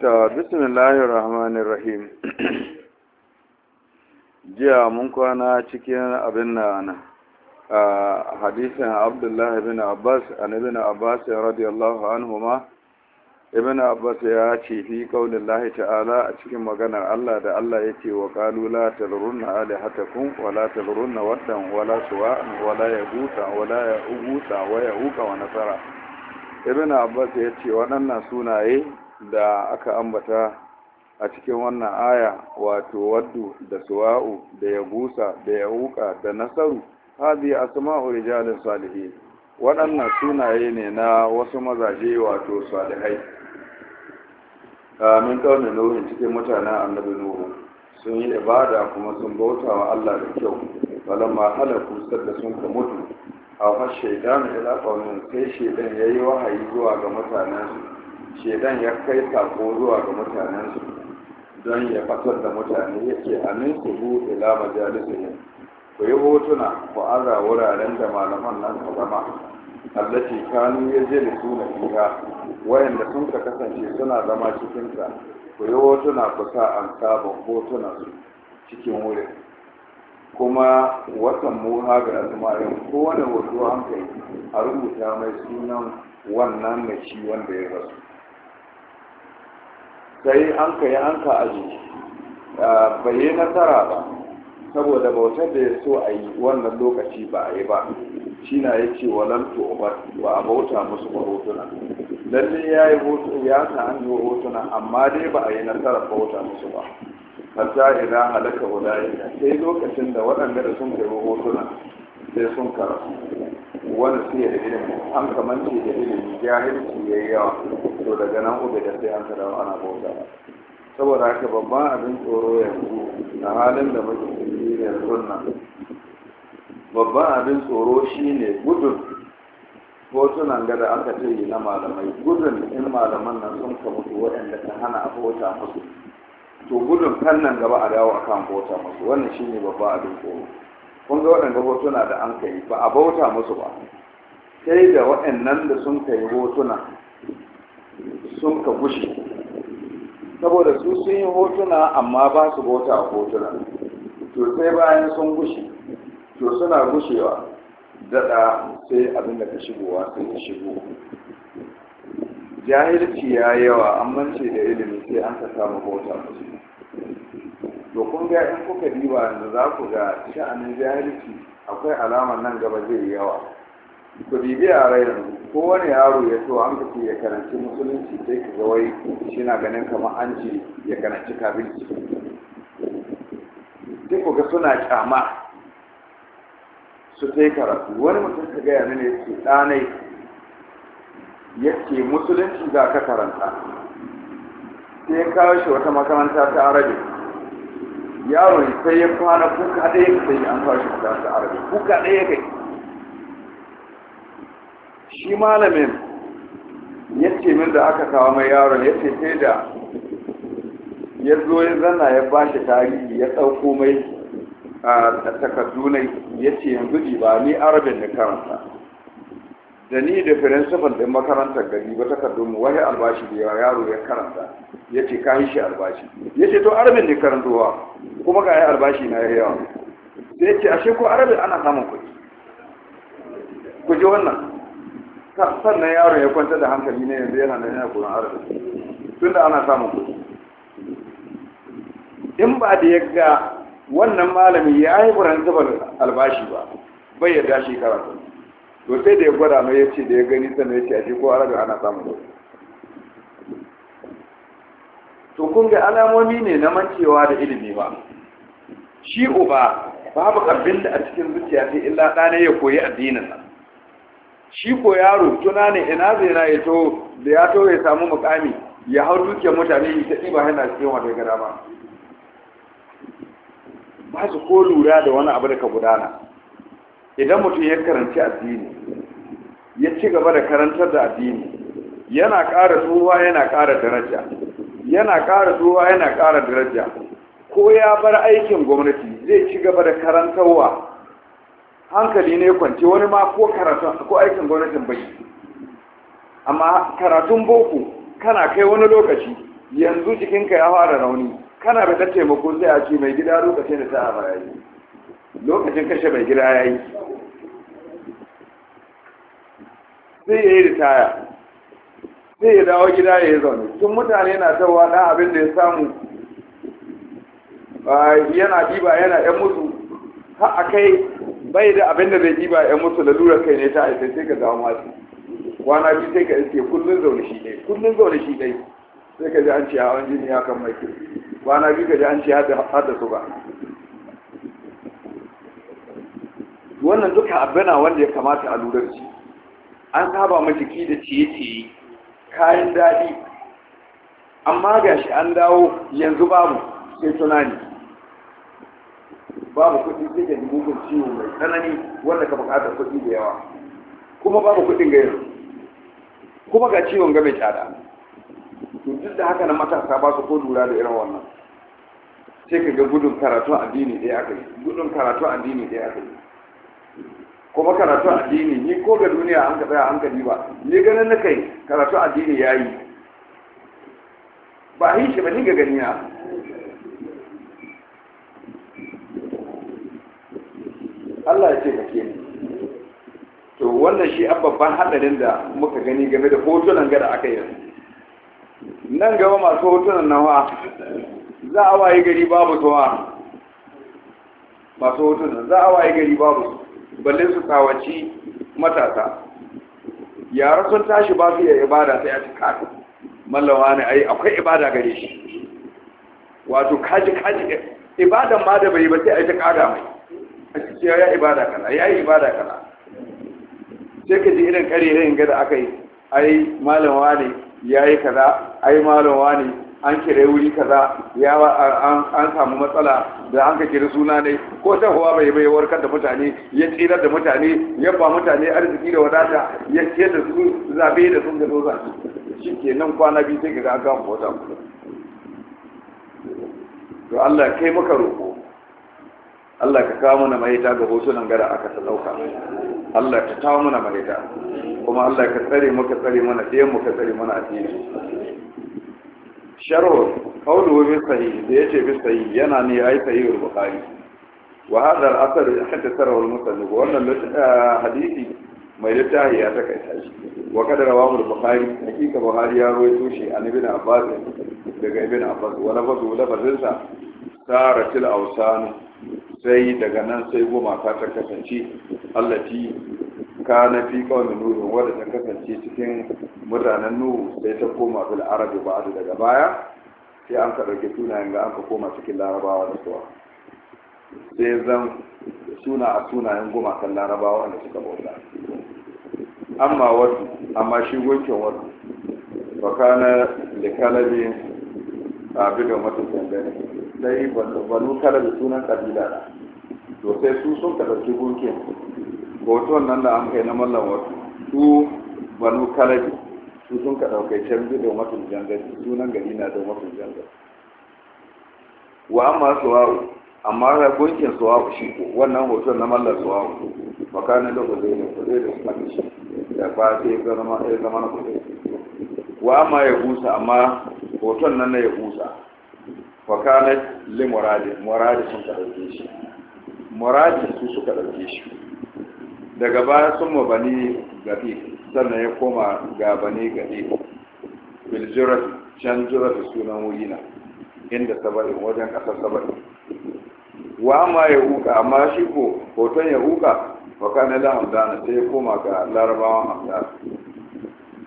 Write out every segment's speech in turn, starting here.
ta bismillahir rahmanir rahim jiya mun kwana cikin abin nan a hadisin abdullah ibn abbas an ibn abbas radiyallahu anhuma ibn abbas ya ce fi kaulin allah ta'ala a cikin maganar allah da allah ya ce wa qalu la ala hatakum wa la tadrunna wadan wa la suwa wa la yaguta wa la yaguta wa ya'uka wa nasara ibn abbas ya ce waɗannan sunaye da aka ambata a cikin wannan aya wato waddu da suwa'u da yagusa da yahuka da nasaru hadi asma'u rijalin salihin waɗannan sunaye ne na wasu mazaje wato salihai min kaunin nuhin cikin mutanen annabi nuhu sun yi ibada kuma sun bauta wa Allah da kyau falamma halaku sadda sun ka mutu hawa shaidan ila qaumin sai shaidan yayi wahayi zuwa ga mutanensu, shaidan ya kai sako zuwa ga mutanensu, don ya fatar da mutane yake amin su bu ila majalisihim ku yi hotuna ku aza wuraren da malaman nan ka zama allati kanu da suna fiha wayanda sun ka kasance suna zama cikinsa. ku yi hotuna ku sa an sabon hotunan su cikin wurin kuma watan muha ga al'umarin kowane hoto an kai a rubuta mai sunan wannan mai shi wanda ya rasu sai an ka yi an ka aji bai yi nasara ba saboda bautar da ya so a yi wannan lokaci ba a yi ba shi na ya ce wa lantu ba a bauta musu ba hotuna lalle ya yi hoto ya ta an hotuna amma dai ba a yi nasarar bauta musu ba hatta idan halaka ulai sai lokacin da waɗanda da sun kai hotuna sai sun karatu wani su da ilimi an kamanci da ilimi jahilci ya yi yawa to daga nan ubi da sai an karawa ana bauta saboda haka babban abin tsoro yanzu na halin da muke cikin yanzu nan babban abin tsoro shine gudun hotunan gada aka ce na malamai gudun in malaman nan sun ka mutu waɗanda ta hana a bauta musu to gudun kan gaba a dawo a kan bauta musu wannan shi ne babba abin tsoro kun ga waɗanda hotuna da an kai ba a bauta musu ba sai da waɗannan da sun kai hotuna sun ka gushe saboda su sun yi hotuna amma ba su bauta a hotuna to sai bayan sun gushe to suna gushewa daɗa sai abin da ka shigowa sai ka shigo jahilci ya yawa an mance da ilimi sai an ka samu bauta to kun ga in kuka diba yanzu za ku ga sha'anin jahilci akwai alamar nan gaba zai yawa ku bibi a rai kowane yaro ya so an kace ya karanci musulunci sai ka ga wai shi na ganin kamar an ce ya karanci kabinci. sai ku ga suna kyama su ta karatu wani mutum ka gaya mini ya ce ɗanai yake musulunci za ka karanta sai ya kawo shi wata makaranta ta arabi yaron sai ya kwana kuka ɗaya ka sai an kawo shi ta arabi kuka ɗaya kai shi malamin ya ce min da aka kawo mai yaron ya ce sai da ya zo ya zanna ya ba shi tarihi ya ɗauko mai a takardunai ya ce yanzu ba ni arabin da karanta da ni da firinsifal ɗin makarantar gari ba takardun mu wani albashi da yawa yaro ya karanta ya ce ka shi albashi ya ce to arabin ne karantowa kuma ga albashi na ya yawa ya ce ashe ko arabin ana samun kuɗi ku ji wannan sannan yaron ya kwanta da hankali ne yanzu yana nan yana koyon arabin tun da ana samun kuɗi in ba da ya ga wannan malami ya yi firinsifal albashi ba bai yarda shi karatu to sai da ya gwada mai ya ce da ya gani sannan ya ce a ko arabi ana samun da to kun ga alamomi ne na mancewa da ilimi ba shi uba babu abin da a cikin zuciya sai illa ɗana ya koyi addinin nan shi ko yaro tuna ne ina zai na ya to da ya to ya samu mukami ya hau dukiyar mutane ya taɓi ba yana cikin wata gara ba ba su ko lura da wani abu da ka gudana idan mutum ya karanci addini ya ci gaba da karantar da addini yana ƙara zuwa yana ƙara daraja yana ƙara zuwa yana ƙara daraja ko ya bar aikin gwamnati zai ci gaba da karantarwa hankali ne kwance wani ma ko aikin gwamnatin bai amma karatun boko kana kai wani lokaci yanzu jikinka ya fara rauni kana da taimako sai a ce mai gida lokacin da ta a barayi lokacin kashe mai gida ya yi sai ya yi ritaya sai ya dawo gida ya yi zaune tun mutane na tawa na abin da ya samu yana ɗiba yana ‘yan mutu. har a kai bai da abin da zai ɗiba ‘yan mutu da lura kai ne ta aiki sai ka dawo masu kwana biyu sai ka iske kullum zaune shi ɗai kullum zaune shi ɗai sai ka ji an ce hawan jini ya kan mai kwana biyu ka ji an ce hada ba wannan duka abana wanda ya kamata a lura da shi an saba ma jiki da ciye-ciye kayan daɗi amma ga shi an dawo yanzu babu sai tunani babu kuɗi sai da mugun ciwo mai tsanani wanda ka buƙatar kuɗi da yawa kuma babu kuɗin ga yanzu kuma ga ciwon ga mai tsada to duk da haka na matasa ba su ko lura da irin wannan sai ka ga gudun karatu addini ɗaya aka yi gudun karatu addini ɗaya aka yi kuma karatu addini ni ko ga duniya an ka tsaya hankali ba ni ganin na kai karatu addini ya yi ba a yi shi ba ni ga ganiya. Allah ya ce ka ke to wannan shi an babban hadarin da muka gani game da hotunan gada aka yi nan gaba masu hotunan nawa za a waye gari babu towa masu hotunan za a waye gari babu towa balle su kawaci matasa yara sun tashi ba su yi ibada sai a cika mallawa ne ai akwai ibada gare shi wato kaji kaji ibadan ma da bai ba sai a ta kada mai a cikin ya ibada kana ya yi ibada kana sai ka ji irin kare irin ga da aka yi ai malam wani ya yi kaza ai malam wani an kire wuri kaza ya an samu matsala da an ka kiri suna ne ko ta huwa bai bai warkar da mutane ya tsira da mutane ya ba mutane arziki da wadata ya ce da su zabe da sun gado za shi ke nan kwana biyu sai ga an kama wata to Allah kai maka roƙo Allah ka kawo mana maita ga nan gara aka dauka Allah ka kawo mana maita, kuma Allah ka tsare muka tsare mana ɗayan mu ka tsare mana cikin sharhu qawluhu bi sahih da yace bi sahih yana ne ai sahih al bukari wa asar al-athar hadatharahu al-musannif wannan ah, hadisi mai littafi ya kai shi wa kada rawahu al-bukhari hakika bukhari ya rawaito shi an ibn abbas daga ibn abbas wa lafazu lafazin sa saratil awsan sai daga nan sai goma ta kasance allati kana fi kawai nuhu wadda ta kasance cikin mutanen nuhu sai ta koma bil arabi ba daga baya sai an ka ɗauki sunayen ga an ka koma cikin larabawa da suwa sai zan suna a sunayen gumakan larabawa da suka bauta amma wasu amma shi gunkin wasu ba kana da kalabi a bidon wata dangane sai banu kalabi sunan kabila to sai su sun ka ɗauki gunkin hoton nan da an kai na mallan wasu su banu kalabi su sun ka daukai canji da matun jangar sunan gari na da matun jangar wa amma suwa'u amma ya gunkin suwa'u shi ko wannan hoton na mallan suwa'u makanin da kuzai ne kuzai da suka mishi da ba sai zama ya zama na kuzai wa amma ya husa amma hoton nan na ya husa fakanat limuradi muradi muradi sun ka ɗauke shi muradi su suka ɗauke shi daga baya sun ma bani gafi sannan ya koma ga bani gafi biljirar can da sunan wurina inda saba'in wajen ƙasar saba'in wa ma ya huka amma shi ko hoton ya huka waka na la hamdana sai ya koma ga larabawan hamdana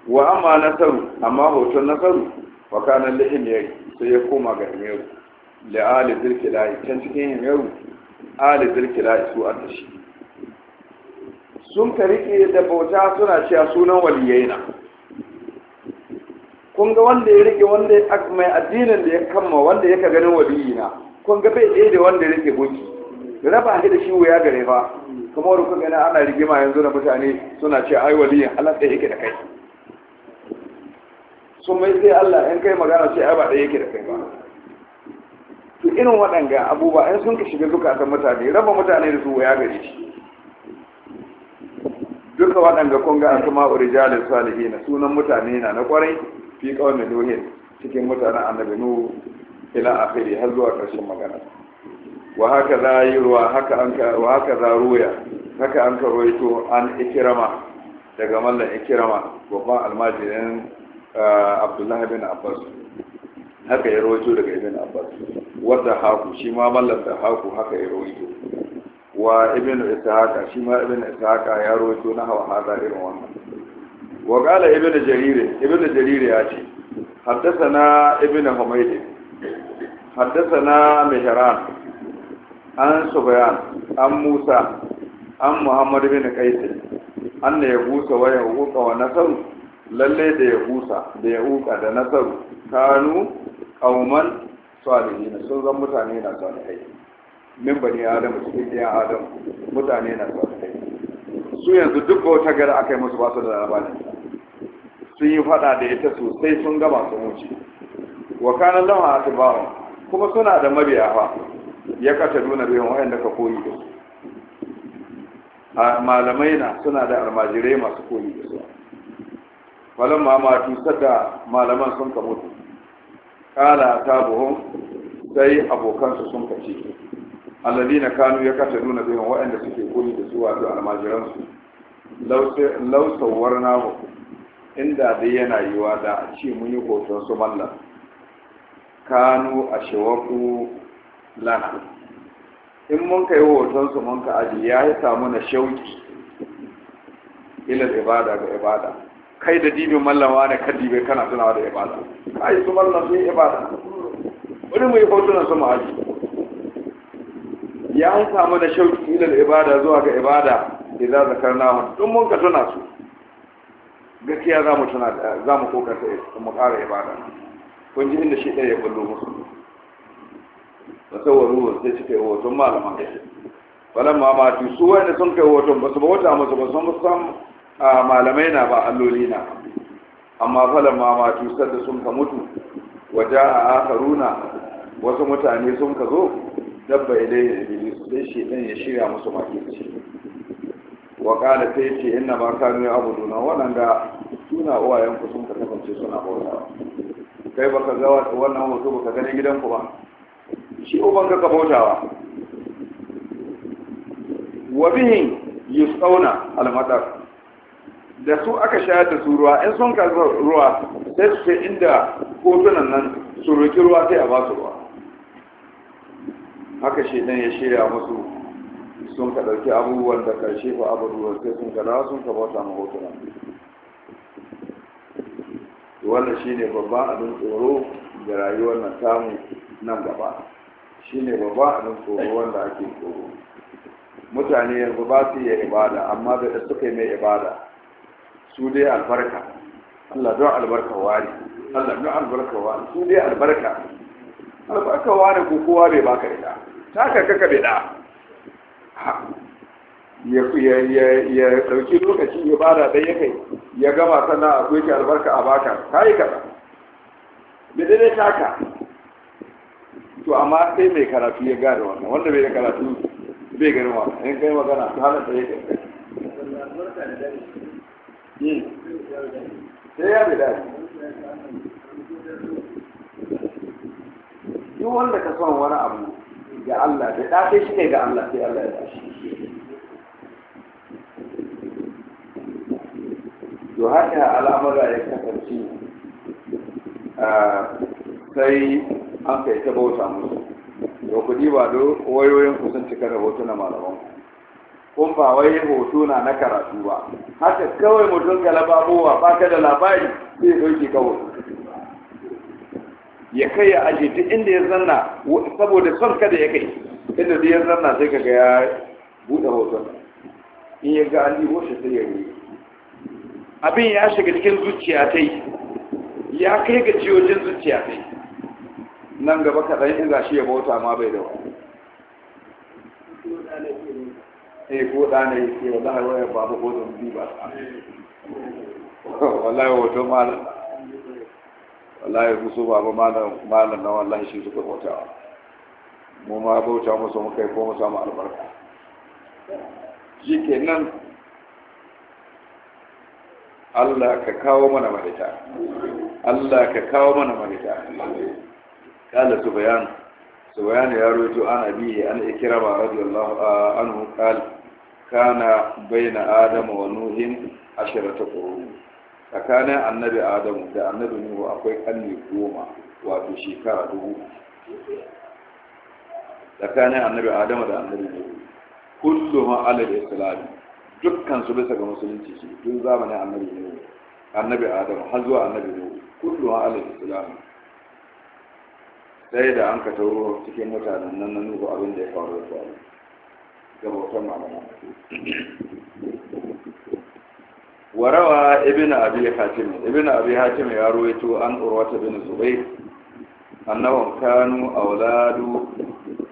wa amma nasaru amma hoton nasaru na kana ya sai ya koma ga himeru li ali zilkilai can cikin himeru ali zilkilai su an tashi sun ka rike da bauta suna cewa sunan waliyaina na kun ga wanda ya rike wanda mai addinin da ya kama wanda ya ka ganin waliyina na kun ga bai ɗaya da wanda ya rike gunki raba shi da shi wuya gare ba, kamar da kuka ana rigima yanzu na mutane suna ce ai waliyin Allah ɗaya yake da kai sun mai sai Allah in kai magana ce ai ba ɗaya yake da kai ba to irin waɗanga abubuwa in sun ka shiga zukatan mutane raba mutane da su wuya gare shi waɗanda kun ga asma urijalin salihina sunan mutane na na kwarai fi kawai nuhin cikin mutanen annabi nuhu ila akhiri har zuwa ƙarshen magana wa haka za yi ruwa haka an ka wa haka za ruya haka an ka roito an ikirama daga mallan ikirama babban almajirin abdullahi bin abbas haka ya roito daga ibn abbas wadda haku shi ma mallan da haku haka ya roito wa ibn ishaq shi ma ibn ishaq ya rawaito na hawa hada irin wannan wa qala ibn jarir ibn jarir ya ce haddathana ibn humayd haddathana mihran an subayan an musa an muhammad ibn qais anna ya busa wa ya huka wa nasaru lalle da ya busa da ya huka da nasaru kanu qauman salihin sun zan mutane na salihai min bani adam cikin ɗaya adam mutane na sa su yanzu duk wata gara aka yi musu ba su da labarin sun yi faɗa da ita sosai sun gama su wuce wa kanan lama a kuma suna da mabiya fa ya kata nuna biyan da ka koyi da su malamai na suna da almajirai masu koyi da su falon mamatu sadda malaman sun ka mutu kala ta buhun sai abokansu sun ka alladina kanu ya kata nuna bihin waɗanda suke koyi da su wato almajiransu Lausawar sauwar namu inda dai yana yiwa da a ce mun yi hoton su malla kanu a shawaku lana in mun kai hoton su mun ka aji ya yi samu na shauki ilal ibada ga ibada kai da dibin mallama ne ka dibe kana tunawa da ibada kai su mallam sai ibada wani mu yi hotunan su mu aji ya an samu da shauki ila ibada zuwa ga ibada idza zakarnahu dun mun ka tuna su gaskiya za mu tuna za mu kokarta mu ƙara ibada kun ji inda shi ɗaya ya kullu musu tasawwaru sai suka yi hoton malaman falan mamaki su wanda sun kai hoton ba su ba wata musu ba sun san malamai na ba alloli na amma falan mamaki matu sadda sun ka mutu waja a karuna wasu mutane sun ka zo dabba ilayhi iblis sai shi dan ya shirya musu makiyaci. wa qala sai ce inna ma kanu ya'buduna wadanda suna uwayen ku sun kasance suna bauta kai baka ga wannan hoto baka gani gidanku ba shi uban ka bautawa wa bihi yusqawna al-matar da su aka shayar da su ruwa in sun ka ruwa sai su ce inda kotunan nan su roƙi ruwa sai a ba su ruwa haka shedan ya shirya musu sun ka ɗauki abubuwan da karshe ko abubuwan sai sun ka dawo sun ka bauta ma hotuna wannan shine babban abin tsoro da rayuwar nan samu nan gaba shine babban abin tsoro wanda ake tsoro mutane yanzu ba su yi ibada amma da suka yi mai ibada su dai albarka Allah don albarka wani Allah don albarka wani su dai albarka albarka wani ko kowa bai baka ita taka kaka bida ya dauki lokaci ya bada dai ya kai ya gama sannan a kuwa albarka a baka ta yi kaɗa bida ne taka to amma sai mai karatu ya gada wannan wanda bai da karatu bai gari wannan in kai magana ta hana ɗaya kai hmm. sai ya bi daɗi duk wanda ka son wani abu ga Allah da ɗafe shi ne ga Allah sai Allah ya tashi to haka al'amura ya kasance sai an kai ta bauta musu ku kuɗi ba do wayoyin ku sun cika da hotuna malaman kun ba wai hoto na na karatu ba haka kawai mutum galaba bowa ba ka da labari sai ɗauki kawai. ya kai ya aje duk inda ya zanna saboda son kada ya kai inda duk ya zanna sai kaga ya buɗe hoton in ya ga an yi shi sai ya yi abin ya shiga cikin zuciya ta ya kai ga ciwojin zuciya ta nan gaba ɗan in shi ya bauta ma bai da wa eh ko da ne ke wallahi waya babu ko zan bi ba wallahi wato malam wallahi ku so ba malam na wallahi shi suka bautawa mu ma bauta musu mu kai ko mu samu albarka shi kenan Allah ka kawo mana mafita Allah ka kawo mana mafita kala su bayan su bayan ya roto an abiye an ikirama radiyallahu anhu kala kana baina adama wa nuhin asharata qurun tsakanin annabi adamu da annabi nuhu akwai ƙanni goma wato shekara dubu tsakanin annabi adamu da annabi nuhu kullu ma alal islami dukkan su bisa ga musulunci su tun zamanin annabi nuhu annabi adamu har zuwa annabi nuhu kullu ma alal islami sai da an ka tauro cikin mutanen nan na nuhu abin da ya faru da faru ga bautan malama warawa ibn abi hatim ibn abi hatim ya ruwaito an urwata bin zubair annahum kanu awladu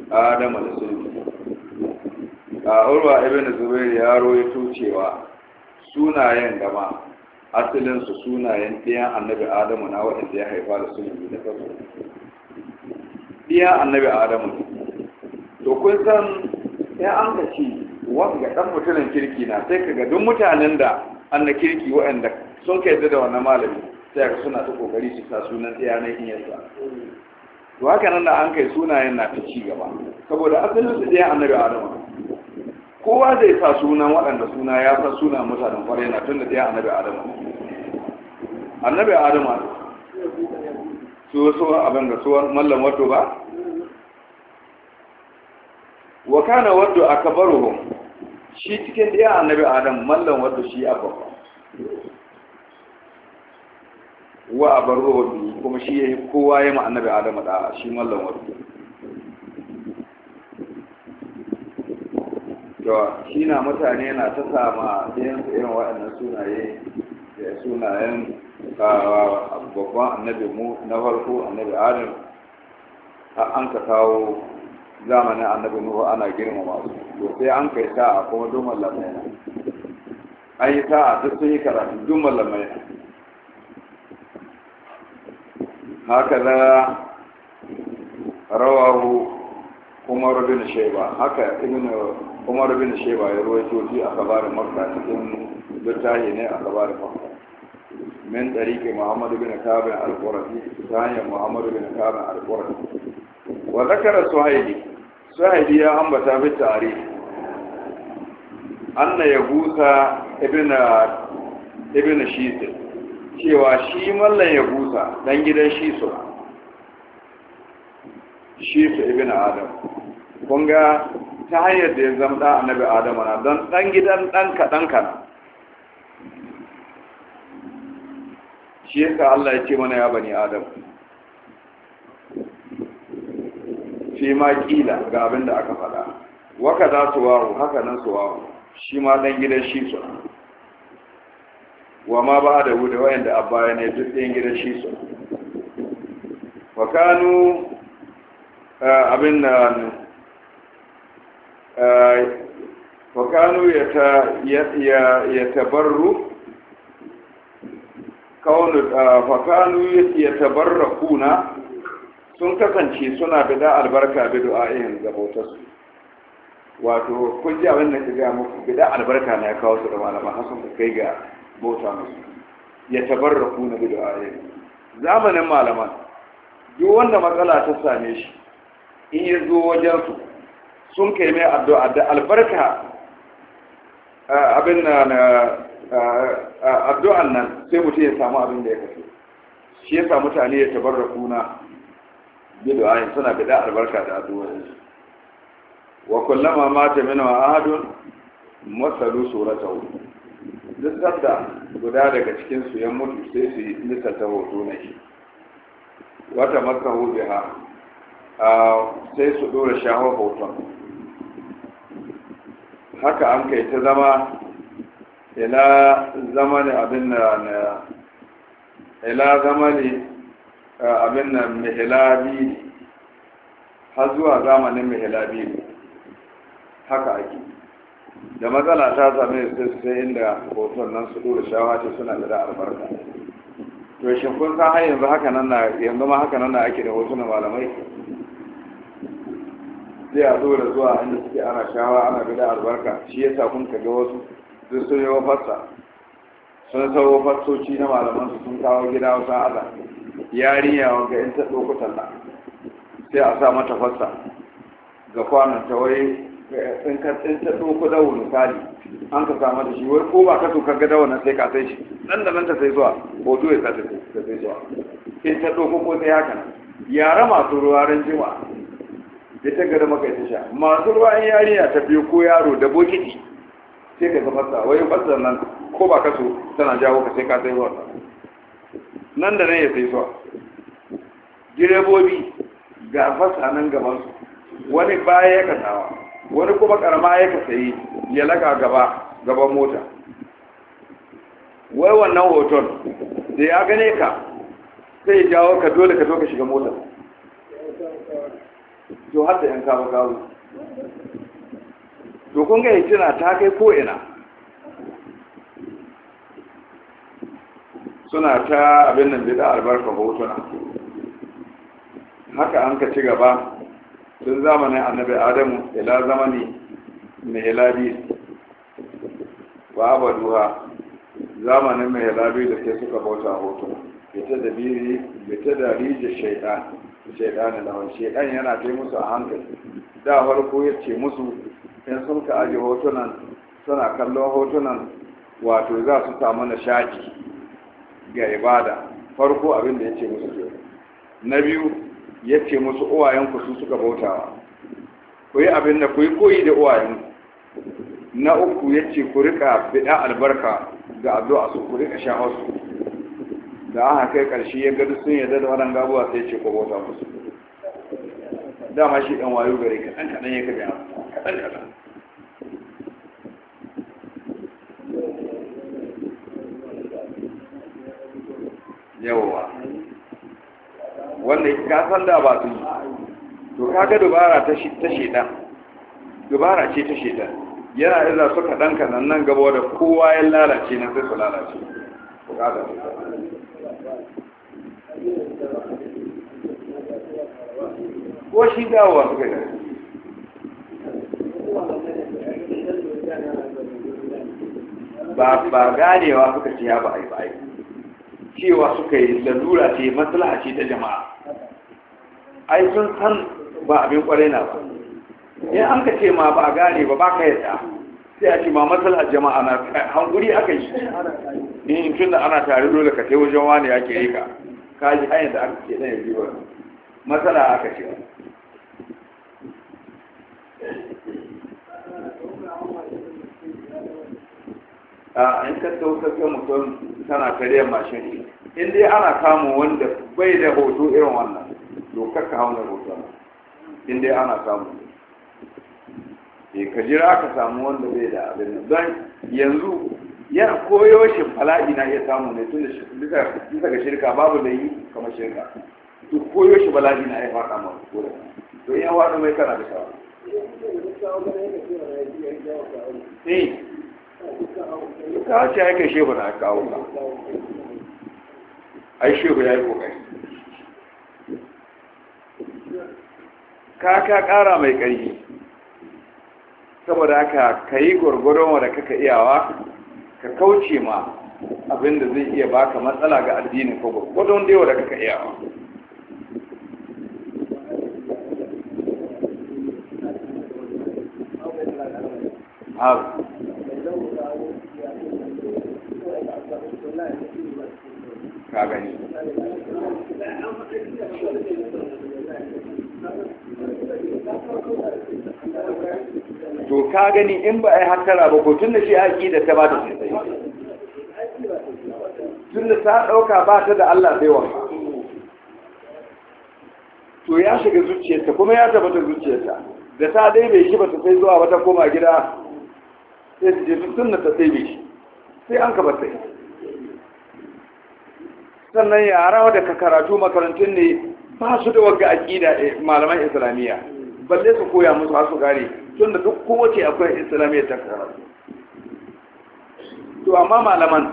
adam al-sulmi a urwa ibn zubair ya ruwaito cewa sunayen gama asalin su sunayen ɗiyan annabi adamu na waɗanda ya haifa da sulmi da kaso ɗiyan annabi adamu to kun san ya an ka ci wanda ɗan mutumin kirki na sai ka ga duk mutanen da an na kirki waɗanda sun kai yadda da wannan malami sai aka suna ta kokari su sa sunan ɗaya na iyarsa to haka nan da an kai sunayen na ta ci gaba saboda asalin su ɗaya annabi adama kowa zai sa sunan waɗanda suna ya san sunan mutanen kwarai na tun da ɗaya annabi adama annabi adama su so abin da suwan mallam wato ba wa kana wato akabaruhum shi cikin ɗaya annabi adam mallan wadda shi a babba wa a barro wadda kuma shi ya yi kowa ya ma annabi adam a shi mallan wadda yawa shi na mutane na ta sama yanzu irin waɗannan sunaye da sunayen babban annabi mu na farko annabi adam an ka kawo zamanin annabi nuhu ana girma masu. to sai an kai sa'a kuma duk malamai na an yi sa'a duk sun yi karatu duk malamai na haka na rawahu umar bin shaiba haka ibn umar bin shaiba ya ruwaito shi a kabarin makka cikin littafi ne a kabarin makka min dariki muhammad bin kabin al-qurafi ta hanyar muhammad bin kabin al-qurafi wa zakara suhaili suhaili ya ambata bi tarihi anna ya gusa ibn cewa shi mallan ya gusa dan gidan shisu shisu ibn adam kun ta hanyar da ya zamta annabi adam na don dan gidan dan kaɗan shi yasa Allah ya ce mana ya bani adam shi ma kila ga abin da aka faɗa waka za su wawo haka nan su wawo shi ma ɗan gidan shi su wa ma ba da wuda wayanda Abba ya ne duk ɗan gidan shi su wa kanu abin na wa kanu ya tabarru kaunu fa kanu ya sun kasance suna bida albarka bi du'a'ihim ga bautarsu wato kun ji abin da ka gaya muku gida albarka na ya kawo su da malama hasan ka kai ga mota musu ya tabarraku na bidu a zamanin malaman duk wanda matsala ta same shi in ya zo su, sun kai mai addu'a da albarka abin na addu'an nan sai mutum ya samu abin da ya kaso shi ya samu mutane ya tabarraku na bidu a suna gida albarka da addu'o'insu wa kullama mata min ahadun masalu suratahu duk sanda guda daga cikin su ya mutu sai su yi misalta hoto na shi wata maka hobe ha sai su dora shaho hoton haka an kai ta zama ila zamani abin na ila zamani abin na mihilabi har zuwa zamanin mihilabi ne haka ake da matsala ta same su sai inda hoton nan su dora shawa ce suna da albarka to shin kun san har yanzu haka nan na yanzu ma haka nan na ake da hotunan malamai sai a zo da zuwa inda suke ana shawa ana gada albarka shi yasa kun kaga wasu duk sun yi wafarsa sun sauwa wafarsoci na malaman su sun kawo gida wasu ala yarinya wanga in ta ɗaukutan na sai a sa mata fassa ga kwanan ta wai in ka tsinta ɗauko dawo misali an ka samu da shi wai ko ba ka so ka ga dawo nan sai ka sai shi nan da nan ta sai zuwa hoto ya sa ta sai zuwa in ta ɗauko ko sai haka yara masu ruwa ran jima da ta gada maka ita sha masu ruwa in yarinya ta biyo ko yaro da bokiti sai ka zama sa wai fasa nan ko ba ka so tana jawo ka sai ka sai zuwa nan da nan ya sai zuwa direbobi ga fasa nan gaban su wani baya ya kasawa wani kuma karama ya ka sayi ya laka gaba gaban mota wai wannan hoton da ya gane ka sai jawo ka dole ka zo ka shiga motar to har da yan kawo kawo to kun ga hitina ta kai ko ina suna ta abin nan bida albarka hotuna haka an ka ci gaba tun zamanin annabi adamu ila zamani mai labi ba abaduha zamanin mai labi da sai suka bauta hoto ita da biri ita da rijin shaidan shaidanin lawan shaidan yana kai musu a hankali da farko ya ce musu in sun ka aji hotunan suna kallon hotunan wato za su samu na shaki ga ibada farko abin da ya ce musu ke na biyu yace musu uwayenku su suka bautawa ku yi abin da ku yi koyi da uwayenku na uku yace ku rika bida albarka ga addu'a su ku rika sha wasu da aka kai ƙarshe ya gado sun yarda da wannan gabuwa sai ce ku bauta musu dama shi ɗan wayo gare kaɗan kaɗan ya kaɗa kaɗan kaɗan yawa wanda ka san da ba su yi to kaga dubara ta sheda dubara ce ta sheda yana iza suka dan kanan nan gaba da kowa ya lalace na sai su lalace ko shi wa suka yi ba ganewa suka ciya ya ba ai yi ai cewa suka yi lalura ce matsala ce ta jama'a ai sun san ba abin kwarai na ba in an ka ce ma ba a gane ba ba ka yadda sai a ce ma matsalar jama'a na hanguri aka yi ni in tun da ana tare dole ka taiwo jawa ne ake yi ka ka ji hanyar da aka ce ɗan yanzu ba matsala aka ce a in ka sauƙaƙe mutum tana kariyar mashin in dai ana samun wanda bai da hoto irin wannan dokar ka hau na hoton in dai ana samu ne eh, ka jira ka samu wanda bai da abin nan don yanzu yana koyo shi bala'i na iya samu ne tun da bisa ga shirka babu da yi kamar shirka to koyo shi bala'i na iya faɗa ma ko da to yan wani mai kana da shawara eh ka ce ai kai shehu na kawo ka ai shehu ya yi kokari ka ka ƙara mai ƙarfi saboda haka ka yi wa da kaka iyawa ka kauce ma abin da zai iya baka matsala ga addinin ko gwargwadon dai wadda kaka iyawa Ka gani. to ka gani in ba a yi hattara ba ko tun da shi aiki da ta ba da sai tun da ta ɗauka ba ta da Allah sai wa to ya shiga zuciyarta kuma ya tabbata zuciyarta da ta dai bai shi ba ta sai zuwa wata koma gida sai ta je duk ta sai bai shi sai an ka sai sannan yara da ka karatu makarantun ne ba su da wagga aƙida eh, malaman islamiyya balle su koya musu har su gare tun da duk kowace akwai islamiyyar ta karatu to amma malaman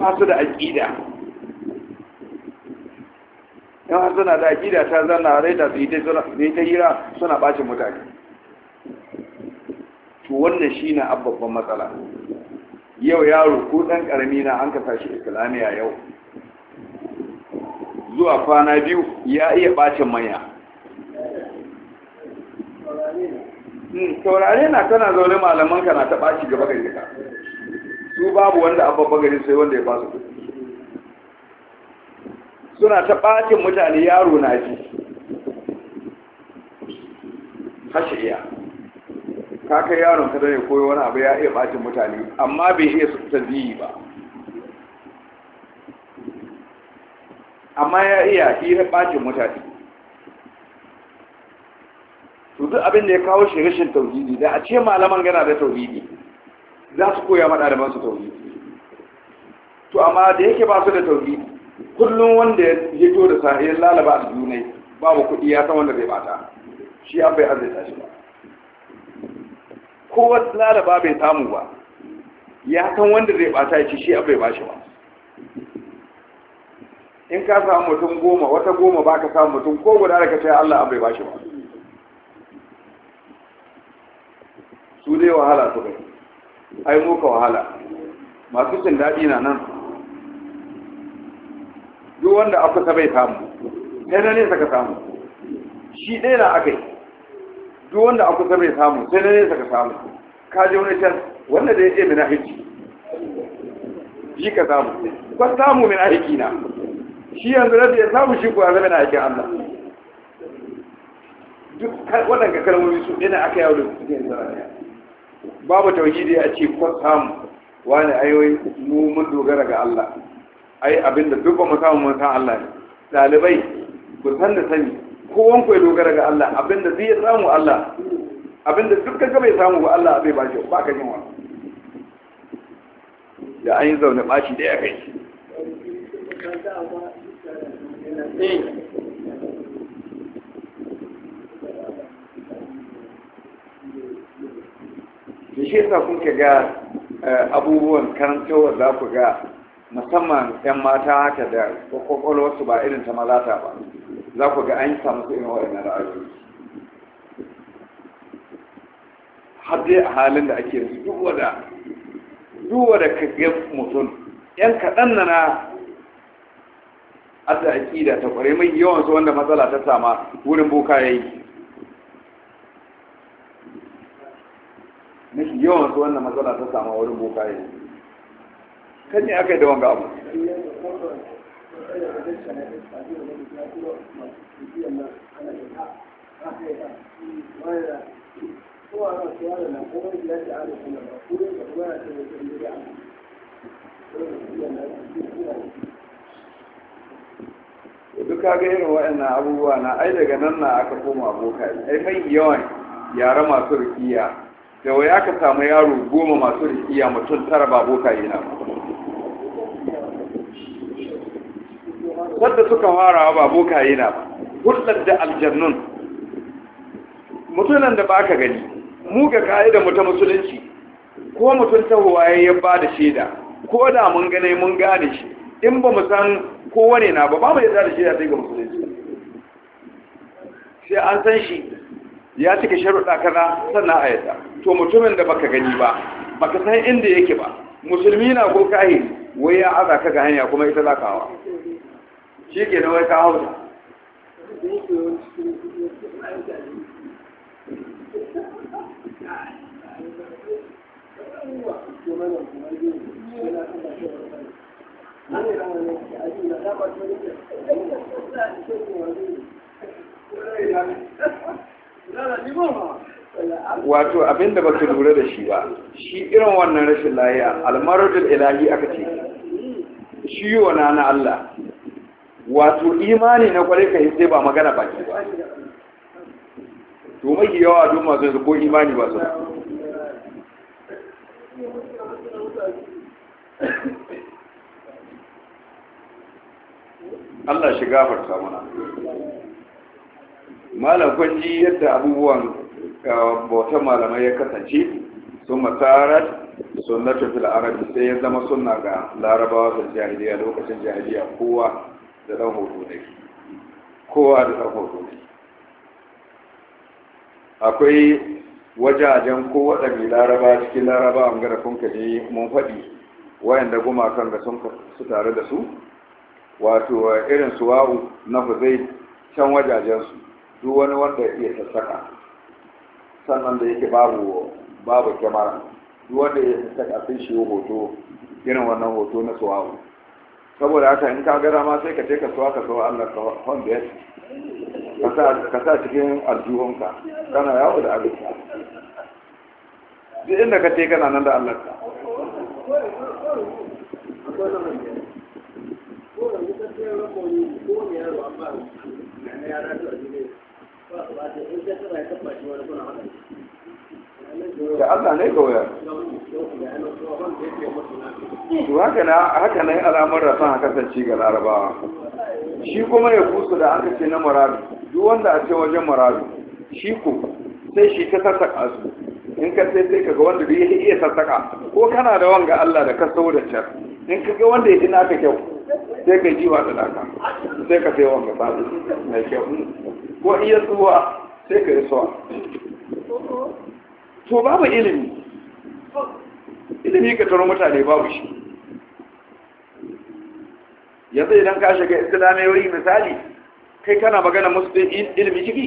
ba su da aƙida yan har suna da aƙida ta zanna raida su yi ta hira suna ɓacin mutane to wannan shi na babban matsala yau yaro ko ɗan ƙarami na an kasa shi islamiyya yau zuwa kwana biyu ya iya ɓacin manya Hmm, taurare na kana zaune malaman ka na ta ɓaci gaba gari ka su babu wanda abubba gari sai wanda ya ba su suna ta ɓacin mutane yaro na ji hashe iya ka kai yaron ka dare koyo wani abu ya iya ɓacin mutane amma bai iya su ta ziyi ba amma ya iya iya ɓacin mutane abin da ya kawo shi rashin tauhidi da a ce malaman gana da tauhidi za su koya ma da su tauhidi to amma da yake ba su da tauhidi kullum wanda ya to da sahiyar lalaba a dunai babu kuɗi ya san wanda zai bata shi an bai arzita shi ba kowa lalaba bai samu ba ya san wanda zai bata shi shi an bai bashi ba in ka samu mutum goma wata goma ba ka samu mutum ko guda da ka ce Allah an bai bashi ba dai wahala su kai ai muka wahala masu cin daɗi na nan duk wanda ta bai samu sai na nesa ka samu shi ɗaya na aka yi duk wanda ta bai samu sai na nesa ka samu ka je wani can wanda da ya ce mina hiki shi ka samu ba samu mina aiki na shi yanzu da ya samu shi kuwa zama na hikin allah duk waɗanda kalmomi su ɗaya na aka yawo da su cikin sarari babu tauhidi a ce ko samu wani ayoyi mu mun dogara ga Allah ai abinda duk ba mu samu mun san Allah ne dalibai ku san da sani kowan ku ya dogara ga Allah abinda zai ya samu Allah abinda duk kanka bai samu ba Allah zai bashi ba ka jin wani da an yi zaune bashi da ya kai eh. shi yasa kun ka ga eh, abubuwan karantarwa za ku ga musamman 'yan mata haka da kwakwalwarsu ba irin ta malata ba za ku ga an yi samu su'in waɗannan ra'ayoyi har dai a halin da ake su duk wada duk wada ka ga mutum yan kaɗan na na adda aƙida ta kware mai yawan su wanda matsala ta sama wurin boka ya yi mafi yawan su wannan matsala ta samu wurin yi kan ne aka yi da wanga abu duk ga irin waɗannan abubuwa na ai daga nan na aka koma bokaye ai mai yawan yara masu rikiya Yau ya ka samu yaro goma masu rikiya mutum tara ba boka na wadda suka fara wa ba boka na hulɗar da aljannun mutunan da ba ka gani mu ga ka'ida mu ta musulunci ko mutum ta waye ya ba da shaida ko da mun gane mun gane shi in ba mu san kowane na ba ba mu yadda da shaida sai ga musulunci sai an san shi ya cika sharuɗa kaza sannan a yadda to mutumin da baka gani ba baka san inda yake ba musulmi na ko kahi wai ya aza ka ga hanya kuma ita za ka shi ke na wai ka hausa Thank you. wato abinda ba ka lura da shi ba shi irin wannan rashin lahiya almaradul ilahi aka ce shi wana na Allah wato imani na kwarai ka sai ba magana baki ba to yi yawa duk masu ko imani ba su Allah shi gafarta mana malam kwanji yadda abubuwan eh, bautan malamai ya kasance sun masarar sunnatu fil arabi sai ya zama sunna ga larabawa da jahiliya lokacin jahiliya kowa da dan hoto ne kowa da dan hoto ne akwai wajajen ko waɗanne laraba cikin laraba an gara kun kaje mun faɗi wayanda gumakan da sun su tare da su wato irin suwa'u na huzai can wajajen su duk wani wanda ya iya sassaka sannan da yake babu babu kyamara duk wanda ya sassaka sai shi hoto irin wannan hoto na suwawu saboda haka in ka gara ma sai ka je ka suwa ka suwa Allah ka wanda ya ka sa cikin aljuhunka kana yawo da abinka duk inda ka ce kana nan da Allah ka ko da da Allah ne kawai to haka na haka ne alamar rasan a kasance ga larabawa shi kuma ya kusa da aka ce na marabi duk wanda a ce wajen marabi shi ko sai shi ta sassaka su in ka sai sai kaga wanda duk ya iya sassaka ko kana da wanga Allah da ka sau da can in ka ga wanda ya ji naka kyau sai ka ji wa da naka sai ka sai wanga sabu mai kyau ko iya tsuwa sai ka yi suwa to babu ilimi ilimi ka taro mutane babu shi yanzu idan ka shiga islamiyoyi misali kai kana magana musu ilimi ciki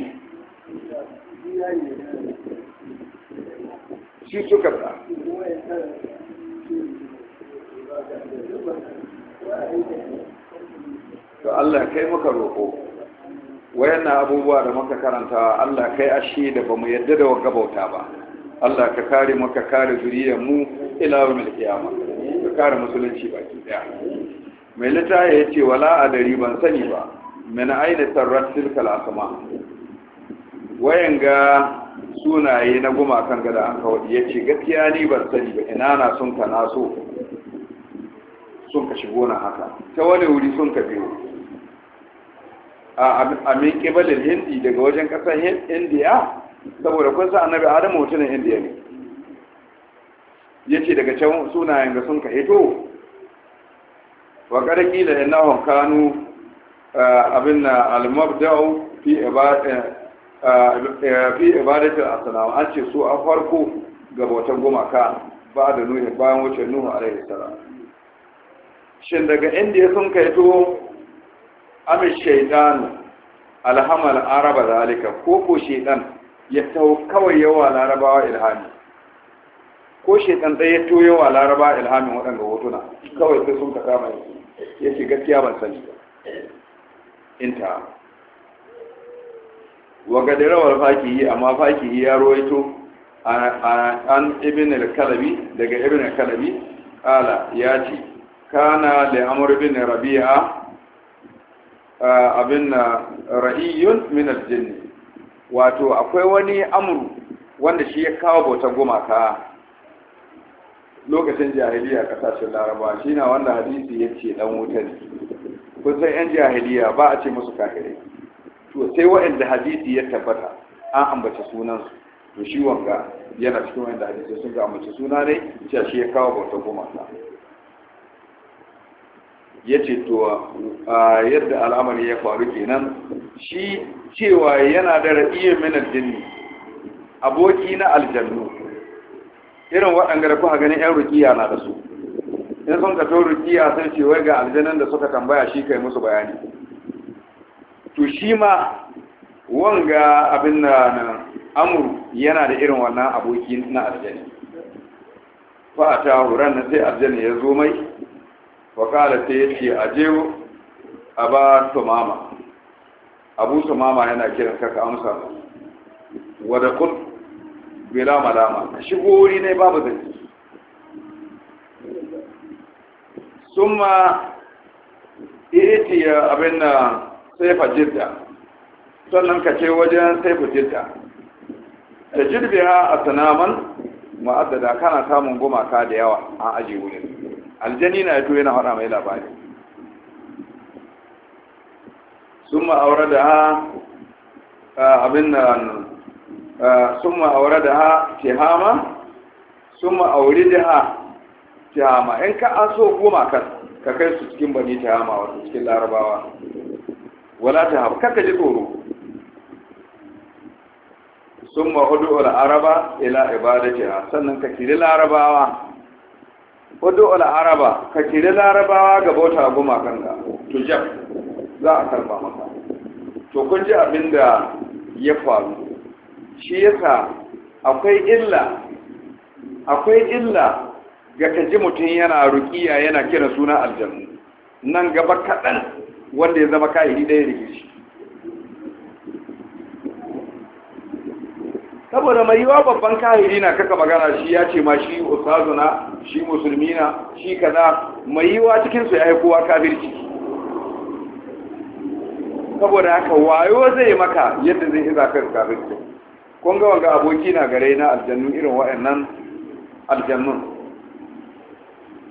shi suka ba to Allah kai muka roƙo wayannan abubuwa da muka karanta Allah kai ashe da ba mu yadda da gabauta bauta ba Allah ka kare mu ka kare zuriyar mu ila yawmil qiyamah ka kare musulunci baki daya mai ya ce, wala adari ban sani ba min aina tarrat tilkal asma wayan ga sunaye na gumakan gada an kawai ya ce gaskiya ni ban sani ba ina na sun ka naso sun ka shigo na haka ta wani wuri sun ka biyo a min kibalin hindi daga wajen kasar indiya saboda kun sa annabi adam mutumin indiya ne ya ce daga can sunayen da sun ka hito wa ƙarƙi da innahun kanu abin na al-mabdau fi ibadatul asalamu an ce su a farko ga bautan gumaka ba da nuhi bayan wuce nuhu alaihi salam shin daga indiya sun ka hito amin shaidanu alhamal araba zalika ko ko shaidan ya tau kawai yawa larabawa ilhami ko shaidan ɗaya ya tau yawa larabawa ilhamin waɗanda hotuna kawai sai sun kasa mai ya ce gaskiya ban sani ba inta wa gadirawar fakihi amma fakihi ya rawaito an ibn al-kalabi daga ibn al-kalabi ala ya ce kana da amur bin rabi'a abin na ra'iyun min aljinni wato akwai wani amru wanda shi ya kawo bautar gumaka lokacin jahiliya kasashen laraba shi na wanda hadisi ya ce dan wuta ne kusan yan jahiliya ba a ce musu kafirai to sai wa'anda hadisi ya tabbata an ambace sunansu to shi wanga yana cikin wa'anda hadisi sun ga ambace suna ne shi ya kawo bautar gumaka ya ce to yadda al'amari ya faru kenan shi cewa yana da ra'iyyar minar jini aboki na aljannu irin waɗanda da kuka ganin 'yan rukiya na da su in sun kato rukiya sai ce wai ga aljanan da suka tambaya shi kai musu bayani to shi ma wanga abin na amur yana da irin wannan aboki na aljani fa a ta sai aljani ya zo mai wakala ta yace a je a ba tumama abu tumama yana kiran ka amsa wada kun bila malama a shigo wuri ne babu zai summa iti ya abin na saifa jidda sannan ka ce wajen saifa jidda da jirbiya a sanaman ma'adada kana samun gumaka da yawa a aji wurin aljani na yato yana haɗa mai labari sun ma'aure da ha abin nan sun da ha tihama sun ma'aure da ha tihama in ka an so goma kan ka kai su cikin bani tihama wasu cikin larabawa wala tihama kakka ji tsoro sun ma'udu al'araba ila ibadatiha sannan ka kiri larabawa wadda araba, ka kiri larabawa ga bauta goma kanka to jam za a karba maka to kun ji abin da ya faru shi yasa akwai illa akwai illa ga ka ji mutum yana rukiya yana kira suna aljanu nan gaba kaɗan wanda ya zama ka yi ɗaya rikici saboda mai yiwa babban kahiri na kaka magana shi ya ce ma shi usazuna shi musulmi na shi kaza mai yiwa cikinsu ya yi kowa kafirci saboda haka wayo zai maka yadda zai iza kai kafirci kun ga wanga aboki na gare na aljannu irin waɗannan aljannun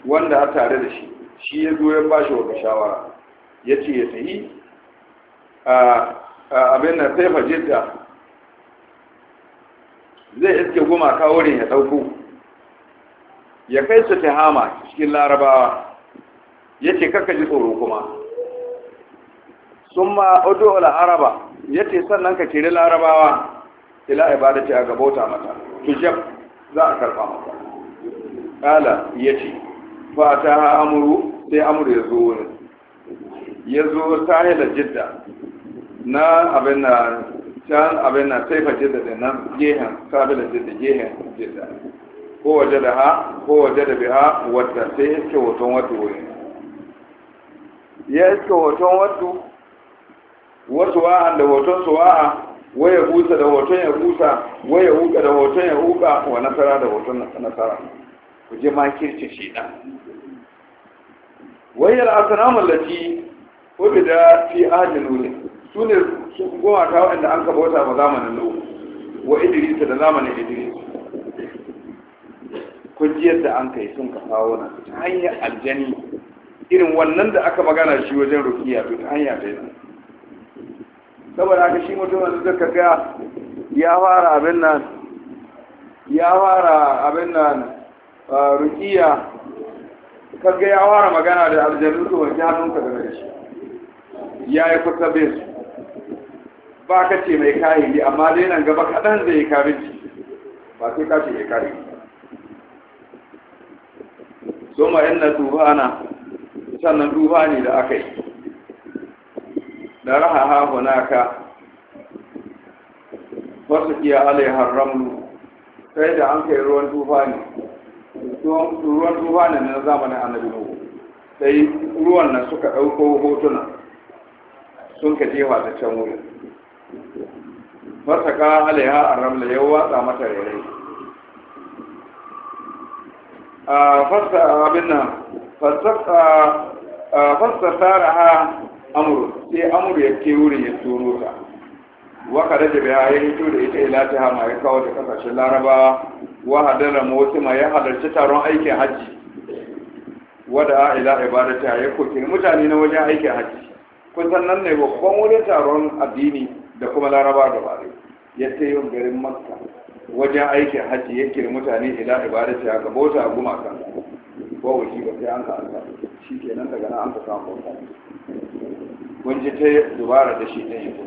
wanda a tare da shi shi ya zo ya bashi wata shawara ya ce ya sayi abin na sai fajidda zai iske gumaka wurin ya ɗauko ya kai su hama cikin larabawa ya ce kaka ji tsoro kuma sun ma odo araba ya ce sannan ka kiri larabawa ila ibadati a gabota mata tujab za a karfa mata kala ya ce fa ta ha amuru sai amuru ya zo wani ya zo sahilar jidda na abin na can abin na sai fashe da nan gehen kabila da gehen jidda ko waje da ha ko waje da biha wata sai iske hoton wato wuri ya iske hoton wato wasu wa'an da hoton su wa'a waya busa da hoton ya busa waya huka da hoton ya huka wa nasara da hoton nasara ku je ma kirce shi dan wayar asnamun lati ubida fi ahadin wurin su ne su goma ta waɗanda an kaba wata ba zamanin lau wa idirisa da zamanin idiri. kujiyar da an kai sun kafa kawo ta hanyar aljani irin wannan da aka magana shi wajen rukiya to ta hanya ta yi saboda haka shi mutum da suka kaga ya fara abin nan ya fara abin nan rukiya kaga ya fara magana da aljanu to wanke hannunka da shi ya yi kusa bin su ba ka ce mai ne amma dai nan gaba kaɗan zai yi ci. ba sai ka ce mai so ma yin na tubana sannan ne da aka yi da raha na ka wasu iya alai haramlu sai da an kai ruwan ne ruwan ne na zamanin annabi nuhu sai ruwan na suka ɗauko hotuna sun ka jefa da can wurin fasaka alaiha ramla ya watsa mata yare. a fasta abin nan fasa tsara ha amuru sai amuru ya ke wurin ya tsoro ta waka da jabi ya hito da ita ilata ha ya kawo da kasashen larabawa wa hadara motima ya halarci taron aikin hajji wada ila ibadata ya kokin mutane na wajen aikin hajji kusan nan ne babban wurin taron addini da kuma laraba da ɗaya ya tayo garin makka wajen aikin hajji ya kiri mutane ila ibadata ya gabota a kan ko waje ba sai an ka an shi kenan daga nan an ka samu bauta kun ji ta dubara da shi ɗin yanzu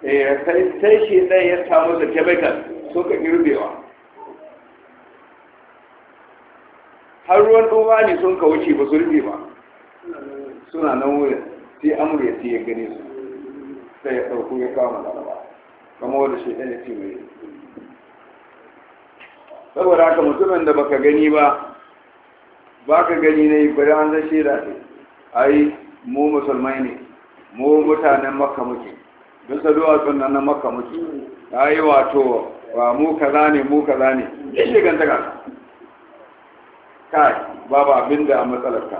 eh sai shi ɗin ya samu da so suka girbewa har ruwan ɗoma ne sun ka wuce ba su rufe ba suna nan wurin sai amur ya ya gane su sai ya sauko ya kama ba kamar wanda shi ɗan ya ce mai saboda haka mutumin da baka gani ba baka gani ne bari an zan shaida ne ai mu musulmai ne mu mutanen makka muke duk da duwatsun nan na makka muke ai wato wa mu kaza ne mu kaza ne shi ganta ka kai babu abin da a matsalar ka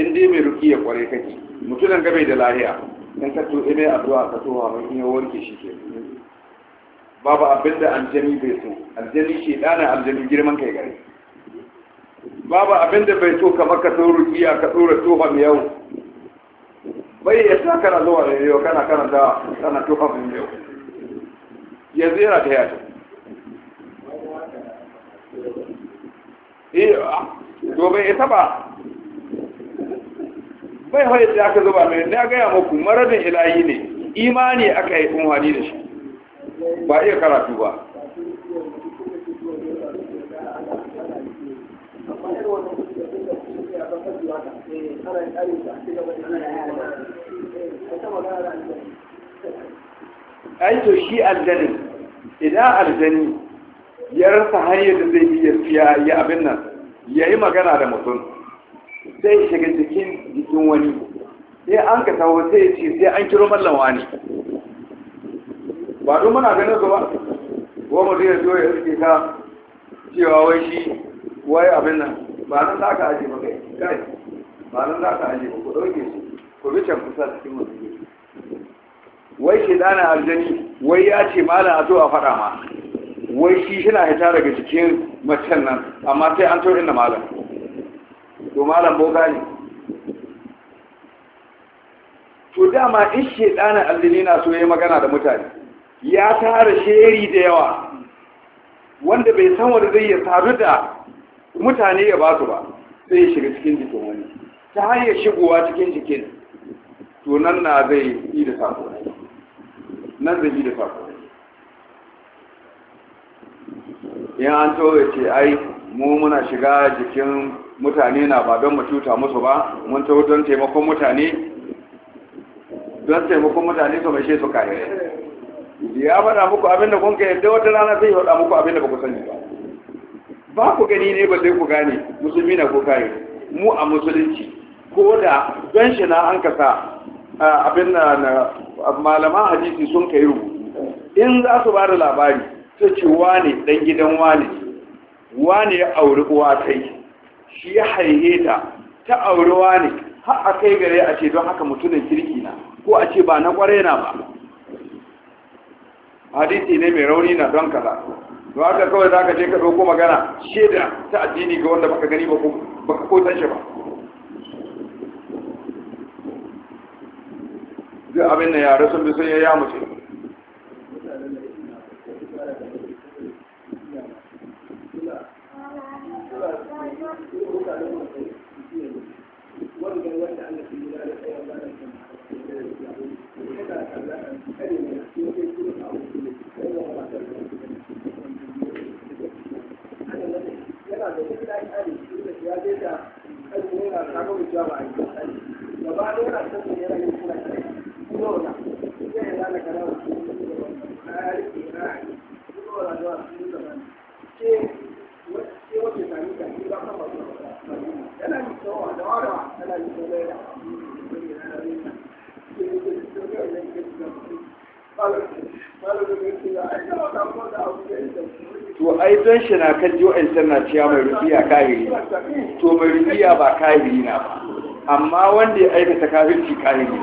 in dai mai rukiya kwarai kake mutunan ga da lahiya in ka to mai addu'a ka to mai iya warke shi ke babu abin da aljani bai so aljani shi dana aljani girman kai gare babu abin da bai so kamar ka so rukiya ka dora tofa mai yau bai ya sa kana zuwa da yau kana kana da kana tofa mai yau yanzu yana ta yata eh to ah, bai ita ba bai hoyar da aka zuba mai na gaya muku maradin ilahi ne imani aka yi umarni da shi ba iya karatu ba aito shi aljani idan aljani ya rasa hanyar da zai iya fiya ya abin nan ya yi magana da mutum sai shiga cikin jikin wani sai an ka tawo sai ce sai an kiro mallan wani ba don muna ganin su ba ko mu zai zo ya rike ka cewa wai shi wai abin nan ba nan za ka aje ba kai kai ba nan za ka aje ba ku ɗauke su ku bi can kusa cikin wani wai shi dana aljani wai ya ce malam a zo a faɗa ma wai shi shi na hita daga cikin macen nan amma sai an to inda malam to malam boga ne to dama in shedanin aljini na so ya magana da mutane ya tara sheri da yawa wanda bai san wanda zai ya sadu da mutane ya ba su ba sai ya shiga cikin jikin wani ta hanyar shigowa cikin jikin to nan na zai yi da sako nan zai yi da sako yan an to ya ce ai mu muna shiga jikin mutane na ba don matuta musu ba mun ta don taimakon mutane don taimakon mutane su mai su kare. ya faɗa muku abinda kun ka yadda wata rana zai faɗa muku abinda ba ku sani ba ba ku gani ne ba sai ku gane musulmi na ko kayi mu a musulunci ko da don shi na an kasa abin na malaman hadisi sun kai rubu in za su ba da labari sai ce wane dan gidan wane wane ya auri uwa ta yi shi ya haihe ta ta aurewa ne har a kai gare a ce don haka mutumin kirki na ko a ce ba na kware na ba hadisi ne mai rauni na don kaza don haka kawai za ka je ka ɗauko magana shaida ta addini ga wanda baka gani ba ka kotan shi ba zai abin da yare sun bi sun ya mutu cewa mai rufiya kahiri to mai rufiya ba kahiri na ba amma wanda ya aikata kahirci kahiri ne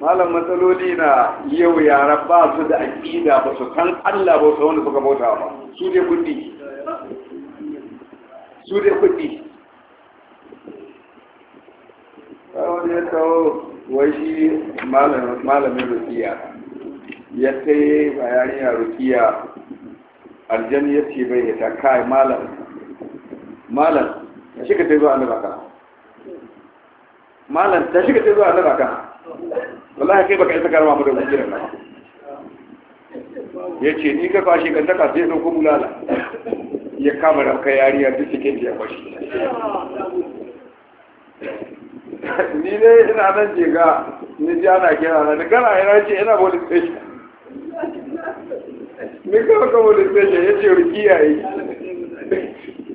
malam matsaloli na yau yara ba su da aƙida ba su kan Allah ba su wanda suka bauta ba su dai kudi su dai kuɗi wani ya kawo wai shi malamin rukiya ya sai bayanin ya rukiya aljani ya ce bai ta kai malam malam ta shiga ta zuwa annaba kana malam ta shiga ta zuwa annaba kana wallahi kai baka isa karama da gudunar nan ya ce ni ka kwashe ka taka sai ya dauko mulala ya kama da kai yariya duk cikin da ya kwashe ni ne ina nan jega ni ji ana kira na ni kana ina ce ina police station ni kawo ka police station ya ce rukiya yi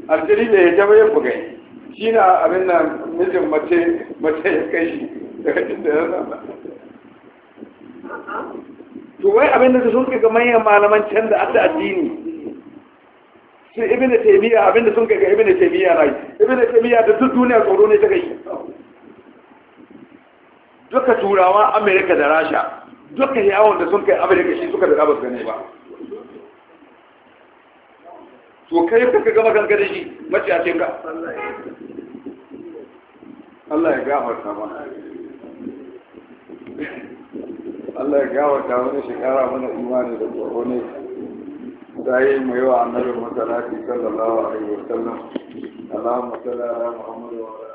aljiri da ya jama ya bugai shi na abin nan mijin mace mace ya kai shi daga inda ya zama to wai abin da sun kaga manyan malaman can da adda addini sai ibnu taymiya abin da sun kaga ibnu taymiya na yi ibnu taymiya da duk duniya tsoro ne ta kai duka turawa amerika da rasha duka yawon da sun kai amerika shi suka da ba gane ba to kai ka gama ganga da shi mace a ce ka Allah ya gafarta mana Allah ya gafarta mana shi kara mana imani da tsoro ne mu yi wa annabi musallati sallallahu alaihi wasallam Allahumma salli Muhammadu wa ala